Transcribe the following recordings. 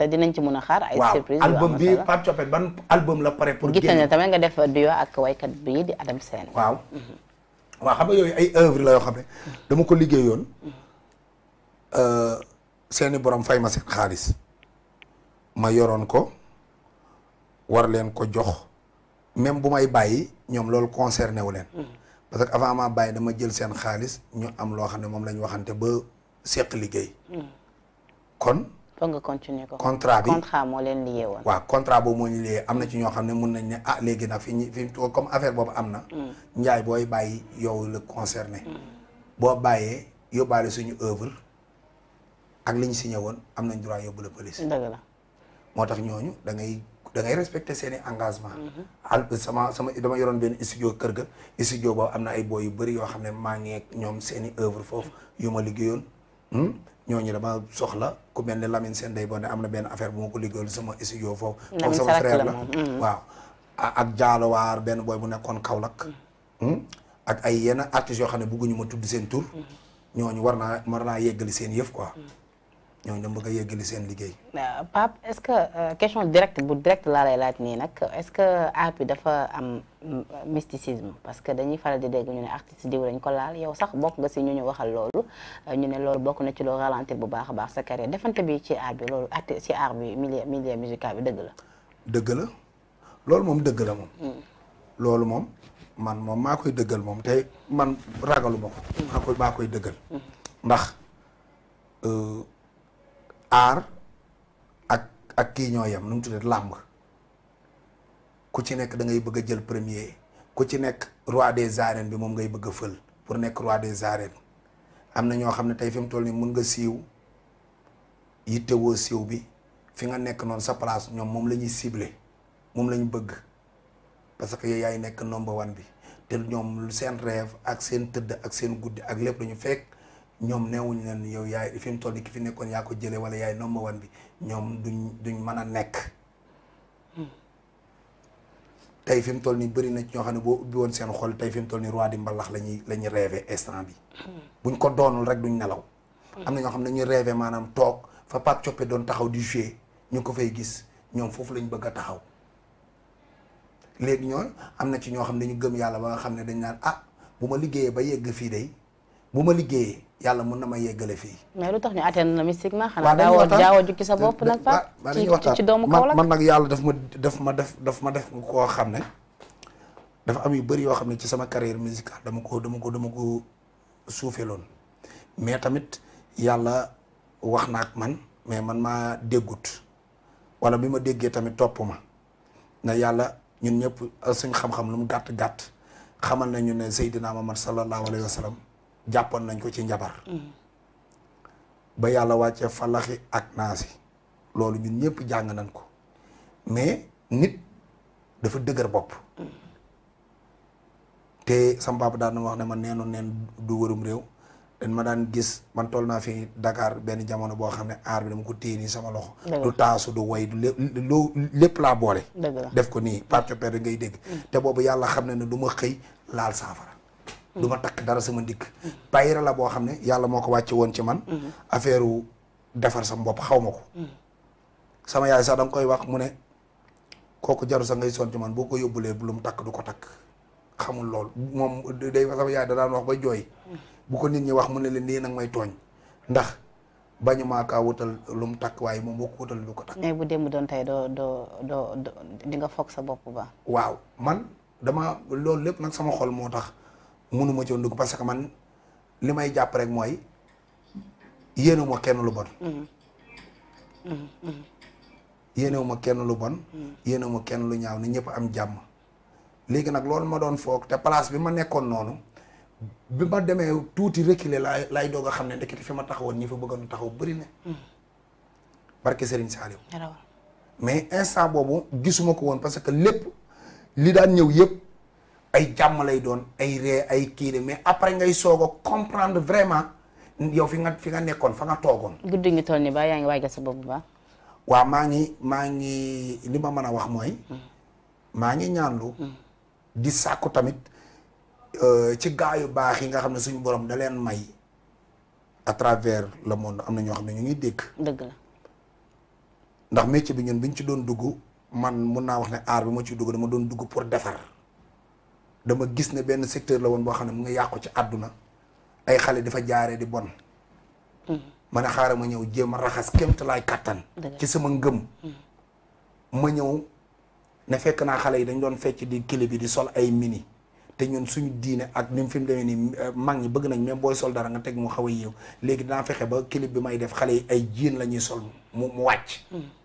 te dinañ ci mun a xaar ay surprise waaw album bi Pape Thiopet ban album la pare pour gis nañ tamit nga def duo ak waykat bi di Adam seen waaw mhm. waa xam nga yooyu ay œuvre la yoo xam ne dama ko liggéey liggéeyoon mhm. euh, seeni borom fay ma seen xaalis ma yoroon ko war leen ko jox même bu may bàyyi ñoom loolu concerné wu leen mhm. parce que avant amaa bàyyi dama jël seen xaalis ñu am loo xam ne moom lañ waxante ba seq liggéey kon pour nga continuer ko. contrat bi contrat moo leen lié woon. waaw contrat boobu moo ñu lié am na ci ñoo xam ne mun nañ ne ah léegi nag fi ñu fi comme affaire boobu am na. Mm. njaay booy bàyyi yow la concerné. Mm. boo bàyyee yóbbaale suñu œuvre ak li ñu signé woon am nañ droit yóbbu la police. moo tax ñooñu da ngay da ngay respecté seen i engagement. Mm-hmm. al sama sama dama yoroon benn studio kër ga studio boobu am na ay booy yu bëri yoo xam ne maa ngi ñoom seeni i foofu yu ma liggéeyoon. Hmm? ñooñu dama soxla ku mel ni Lamine seen day bone am na benn affaire bu ma ko liggéeyal sama studio foofu moom sama frère la mm-hmm. waaw ak Diallo Waar benn booy bu nekkoon Kaolack mm. hmm? ak ay yenn artistes yoo xam ne bëgguñu ma tudd seen tur mm-hmm. ñooñu war naa war naa yeggali seen yëf quoi mm. ñooñu dama bëgg a yeggali seen liggéey. Pape est-ce que euh, question directe bu direct laa lay laaj nii nag est-ce que art bi dafa am mysticisme parce que dañuy faral di dégg ñu ne artiste diw dañ ko laal yow sax bokk nga si ñu ñu waxal loolu euh, ñu ne loolu bokk na ci loo ralentir bu baax a baax sa carrière defante bi ci art bi loolu art ci art bi milieu milieu musical bi dëgg la. dëgg la loolu moom dëgg la moom. Hmm. loolu moom man moom maa koy dëggal moom tey man ragalu ma ko. Hmm. koy maa aar ak ak kii ñoo yem nu mu tuddee làmb ku ci nekk da ngay bëgg jël premier ku ci nekk roi des arènes bi moom ngay bëgg a fël pour nekk roi des arènes am na ñoo xam ne tey fi mu toll nii mun nga siiw yittewoo siiw bi fi nga nekk noonu sa place ñoom moom la ñuy ciblé moom la bëgg parce que yaay nekk number one bi te ñoom lu seen rêve ak seen tëdd ak seen guddi ak lépp lañu fekk. ñoom neewuñ leen yow yaay fi mu toll ki fi nekkoon yaa ko jëlee wala yaay nomba wan bi ñoom duñ duñ mën a nekk. tey fi mu toll nii bëri na ci ñoo xam ne boo ubbi woon seen xol tey fi mu toll nii roi di la ñuy la ñuy rêvé instant buñ ko doonul rek duñ nelaw. am na ñoo xam ne dañuy rêvé maanaam toog fa Pape Coppe doon taxaw di jouer ñu ko fay gis ñoom foofu lañ bëgg a taxaw. léegi ñooñu am na ci ñoo xam ne dañu gëm yàlla ba nga xam ne dañ naan ah bu ma liggéeyee ba yegg fii day bu ma liggéeyee. yàlla mën na ma yeggale fii. mais lu tax ñu atteindre la mystiquement. xanaa daawoo daawoo jukki sa bopp nag. waaw dañuy waxtaan ci doomu Kaolack man nag yàlla daf ma daf ma def daf ma def koo xam ne dafa am yu bëri yoo xam ne ci sama carrière musicale dama ko dama ko dama ko suufee suufeeloon mais tamit yàlla wax na ak man mais man maa déggut wala bi ma déggee tamit topp ma na yàlla ñun ñëpp suñ xam-xam lu mu gàtt gàtt xamal ñu ne Seydina Muhammad sallallahu alayhi wa sallam jàppoon nañ ko ci njabar mm. ba yàlla wàccee falaxi ak naasi loolu ñun ñëpp jàng nañ ko mais nit dafa dëgër bopp mm. te sama papa daan na wax ne ma neenu neen du wërum réew dañ ma daan gis man toll naa fi Dakar benn jamono boo xam ne aar bi dama ko téye nii sama loxo du taasu du way du lépp laa boole def ko nii parco père ngay dégg mm. te boobu yàlla xam ne ne du ma xëy laal saafara du ma takk dara sama ndigg daayira la boo xam ne yàlla moo ko wàcce woon ci man affaire u defar sama bopp xaw ma ko sama yaay sax da koy wax mu ne kooku jaru sax ngay son ci man boo ko yóbbu bu lu mu takk du ko takk xamul lool moom day sama yaay da daan wax ba bu ko nit ñi wax mu ne leen nii nag may tooñ ndax bañu maa kaa lu mu takk waaye moom boo ko ko takk. bu démb doon di nga foog sa bopp ba. waaw man dama loolu lépp nag sama xol moo tax mënuma ci woon dugg parce que man li may jàpp rek mooy yéenewuma kenn lu bon. Mm-hmm. Mm-hmm. Mm-hmm. yéenewuma kenn lu bon. yéenewuma kenn lu ñaaw ne ñëpp am jàmm. léegi nag loolu ma doon foog te place bi ma nekkoon noonu bi ma demee tuuti reculer laay laay doog a xam ne ndekete fi ma taxawoon ñi fa bëggoon taxaw bëri na. barke Serigne Saliou. mais instant boobu gisuma ko woon parce que lépp li daan ñëw yëpp. ay jàmm lay doon ay ree ay kii mais après ngay soog a comprendre vraiment yow fi nga fi nga nekkoon fa nga toogoon. guddi ngi toll nii ba yaa ngi waajal sa bopp bu baax. waaw maa ngi maa ngi li ma mën a wax mooy. Mm. maa ngi ñaanlu. Mm. di sàkku tamit euh, ci gaa yu baax yi nga xam ne suñu borom da leen may à travers le monde am na ñoo xam ne ñu ngi dégg. dëgg la. ndax métier bi ñun biñ ci doon dugg man mun naa wax ne aar bi ma ciy dugg dama doon dugg pour defar. dama gis ne benn secteur la woon boo xam ne mu ngi yàqu ci àdduna ay xale dafa jaaree di bon mm-hmm. man a xaaral ma ñëw jéem a raxas kémt laay kàttan ci sama ngëm mm-hmm. ma ñëw ne fekk naa xale yi dañ doon fecc di kili bi di sol ay mini te ñun suñu diine ak ni mu fi mu demee nii euh, mag ñi bëgg nañ même booy sol dara nga teg mu xaw a yéew léegi dinaa fexe ba clip bi may def xale yi ay jiin la ñuy sol mu mu wàcc mm-hmm.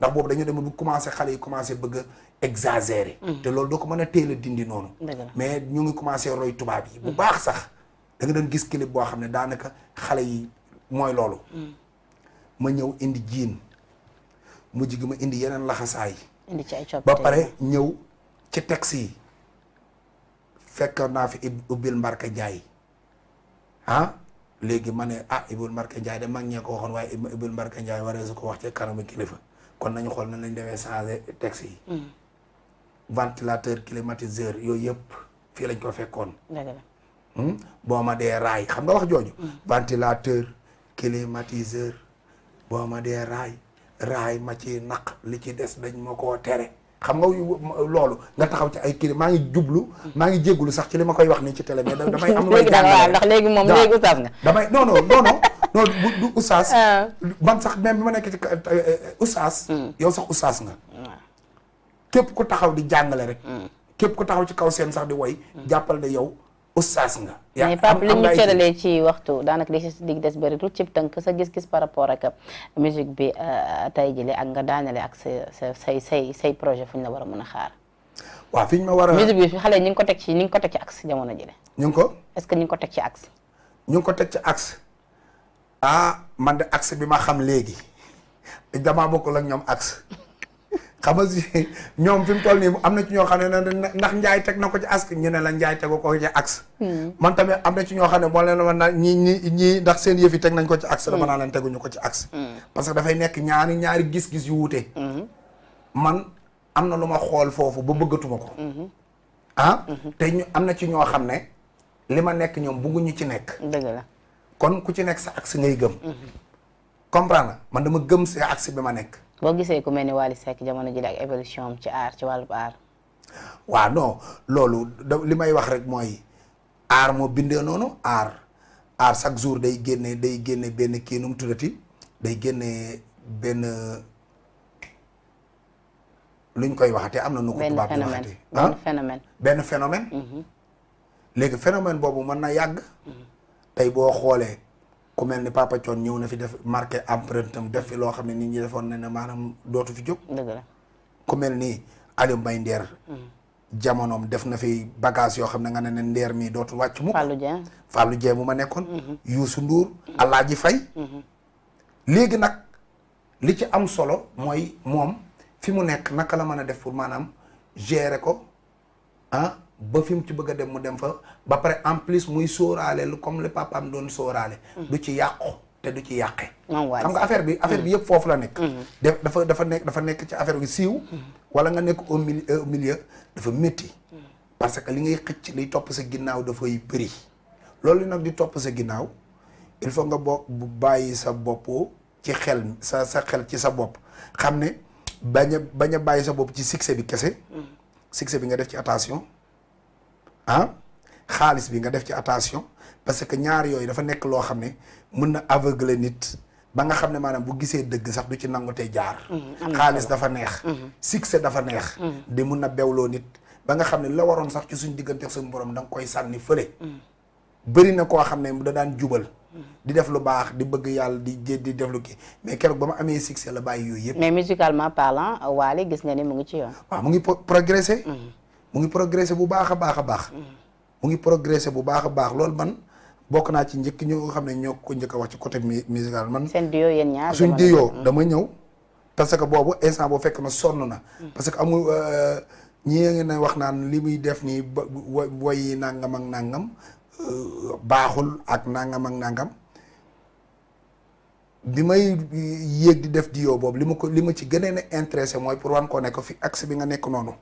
ndax boobu dañu demoon bu commencé xale yi commencé bëgg a exagérer mm. te loolu doo ko mën a teel a dindi noonu mais ñu ngi commencé roy tubaab yi bu mm. baax sax danga nga doon gis clip boo xam ne daanaka xale yi mooy loolu mm. ma ñëw indi jiin mujj gi ma indi yeneen laxasaay indi ci ay ba pare ñëw ci taxi yi fekk naa fi ubbil Mbarka Ndiaye ah léegi ma ne ah ubbil Mbarka Ndiaye de mag ñee ko waxoon waaye ubbil Mbarka Ndiaye waree su ko wax ci kanamu kilifa kon nañu xool nañ lañ demee changé texte yi hmm. ventilateur climatiseur yooyu yëpp fii lañ ko fekkoon hmm? boo ma dee raay xam nga wax jooju hmm. ventilateur climatiseur boo ma dee raay raay ma ci naq li ci des dañ ma koo tere xam nga loolu nga taxaw ci ay kii maa ngi jublu maa ngi jéggulu sax ci li ma koy wax nii ci télé mais damay am lu may jàngale ndax léegi moom léegi oustaz nga damay non non non du oustaz. ban ah. sax même bi ma nekk ci euh, euh, oustaz. Hmm. yow sax oustaz nga. Hmm. képp ku taxaw di jàngale rek. Hmm. képp ku taxaw ci kaw seen sax di woy jàppal ne yow oustaz nga. yaa am am li ñu cëralee ci waxtu daanaka li ci des bëritul ci tënk sa gis-gis par rapport ak musique bi euh, tey jëlee ak nga daanale ak sa sa say say say projet fu ñu la war a mën a xaar. waaw fi ñu ma war a. musique bi xale ñu ngi ko teg ci ñu ngi ko teg ci axe jamono jële. ñu ngi ko. est-ce que ñu ngi ko teg ci axe. ñu ngi ko teg ci axe. ah man de axe bi ma xam léegi damaa bokkul ak ñoom axe xam si ñoom fi mu toll nii am na ci ñoo xam ne ndax njaay teg na ko ci axe ñu ne la njaay tegu ko ci hmm. man tamit am na ci ñoo xam ne moo leen wan ñi ñi ñi ndax seen yëf teg nañ ko ci axe. dama hmm. naa leen teguñu ko ci axe. Hmm. parce que dafay nekk ñaari ñaari gis-gis yu wuute. man am na lu ma xool foofu ba bëggatuma ko. Ah? te am na ci ñoo xam ne li ma nekk ñoom bëgguñu ci nekk. kon ku ci nekk sa axe ngay gëm. comprendre na man dama gëm sa axe bi ma nekk. boo gisee ku mel ni Wally Seck jamono ji ak évolution am ci aar ci wàllub aar. waaw non loolu da li may wax rek mooy aar moo bindee noonu aar aar chaque jour day génne day génne benn kii nu mu tuddati day génne benn luñ koy waxatee am na nu ko tubaab di waxatee. benn ah? phénomène mhm. léegi phénomène boobu mën na yàgg. Mhm. tey boo xoolee ku mel ni Papa ñëw na fi def marqué empreinte def fi loo xam ne nit ñi defoon na ne maanaam dootu fi jóg. dëgg la ni Aliou Mbaye Nder. Mm. jamonoom def na fi bagage yoo xam ne nga ne ne mii dootu wàcc mukk. Fallou Dieng Fallou Dieng mu ma nekkoon. Mm-hmm. Youssou Ndour. Mm-hmm. Alaaji Faye. Mm-hmm. léegi nag li ci am solo mooy moom fi mu nekk naka la mën a def pour maanaam gérer ko ah, ba fi mu ci bëgg a dem mu dem fa ba pare en plus muy sóoraale lu comme le papaam doon sooraale mm. du ci yàqu te du ci yàqe. xam nga affaire bi affaire bi mm. yëpp foofu la nekk. Mm-hmm. def dafa dafa nekk dafa nekk ci affaire bi siiw. Mm-hmm. wala nga nekk au euh, milieu dafa métti. Mm. parce que li ngay xëcc li topp sa ginnaaw dafay bëri. loolu nag di topp sa ginnaaw il faut nga bo bu bàyyi sa bopp ci xel sa sa xel ci sa bopp xam ne bañ bañ a bàyyi sa bopp ci succès bi kese. succès bi nga def ci attention. ah xaalis bi nga def ci attention parce que ñaar yooyu dafa nekk loo xam ne mun na aveugler nit ba nga xam ne maanaam bu gisee dëgg sax du ci nangu te jaar mm, xaalis dafa neex mm-hmm. succès dafa neex mm-hmm. di mun na bewloo nit ba nga xam ne la waroon sax ci suñ diggante ak suñu borom da nga koy sànni fële mm-hmm. bëri na koo xam ne da daan jubal di def lu baax di bëgg yàlla di jé di def lu kii mais keroog ba ma amee succès la bàyyi yooyu yëpp mais musicalement parlant Wally gis nga ni mu ngi ci yoon waaw mu ngi progressé bu baax a baax a baax. Mm. mu ngi progressé bu baax a baax loolu man bokk naa ci njëkk ñoo xam ne ñoo ko njëkk a wax ci côté musical man. seen duo ñaar suñ duo mm. dama ñëw. parce que boobu instant boo fekk na sonn na. Mm. parce que amul euh, ñii ngi ne wax naan li muy def nii ba woy nangam ak nangam euh, baaxul ak nangam ak nangam. bi may yéeg di def duo boobu li ma ko li ma ci gënee na intéressé mooy pour wan koo nekk fi axe bi nga nekk noonu.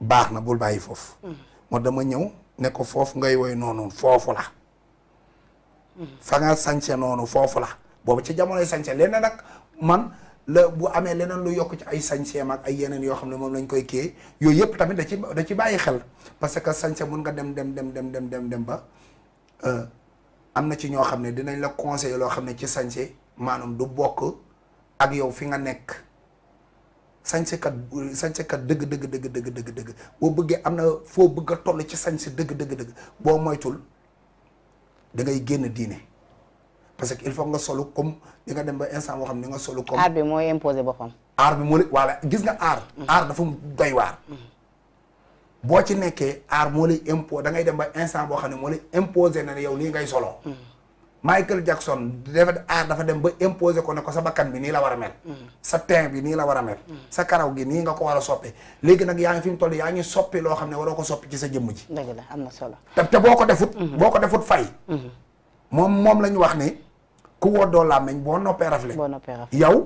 baax na bul bàyyi foofu. Mm. moo dama ñëw ne ko foofu ngay woy noonu foofu la. Mm. fa nga sañse noonu foofu la boobu ci jamonoy sañse leneen nag man la bu amee leneen lu yokk ci ay sañseem ak ay yeneen yoo xam ne moom lañ koy kii yooyu yëpp tamit da ci da ci bàyyi xel parce que sañse mun nga dem dem dem dem dem dem dem ba euh, am na ci ñoo xam ne dinañ la conseiller loo xam ne ci sañse maanaam du bokk ak yow fi nga nekk. sañsekat sañsekat dëgg dëgg dëgg dëgg dëgg dëgg boo bëggee am na foo bëgg a toll ci sañse dëgg dëgg dëgg boo moytul da ngay génn diine parce que il faut nga solu comme di nga dem ba instant boo xam ne nga solu comme. aar bi mooy imposé boppam. aar bi moo lay voilà gis nga aar. Mm-hmm. aar dafa doy waar. Mm-hmm. boo ci nekkee aar moo lay impo da dem ba instant boo xam ne moo lay imposé na ne yow lii ngay solo. Mm-hmm. Michael Jackson dafa aar dafa dem ba imposer ko ne ko sa bakkan bi nii la war a mel. Mm. sa teint bi nii la war a mel. Mm. sa karaw gi nii nga ko war a soppi. léegi nag yaa ngi fi mu toll yaa ngi soppi loo xam ne waroo ko soppi ci sa jëmm ji. dëgg la am na solo. te te boo ko defut. Mm-hmm. boo ko defut fay. Mm-hmm. moom moom la ñu wax ni ku woddoo làmmiñ boo noppee rafle. boo noppee rafle yow.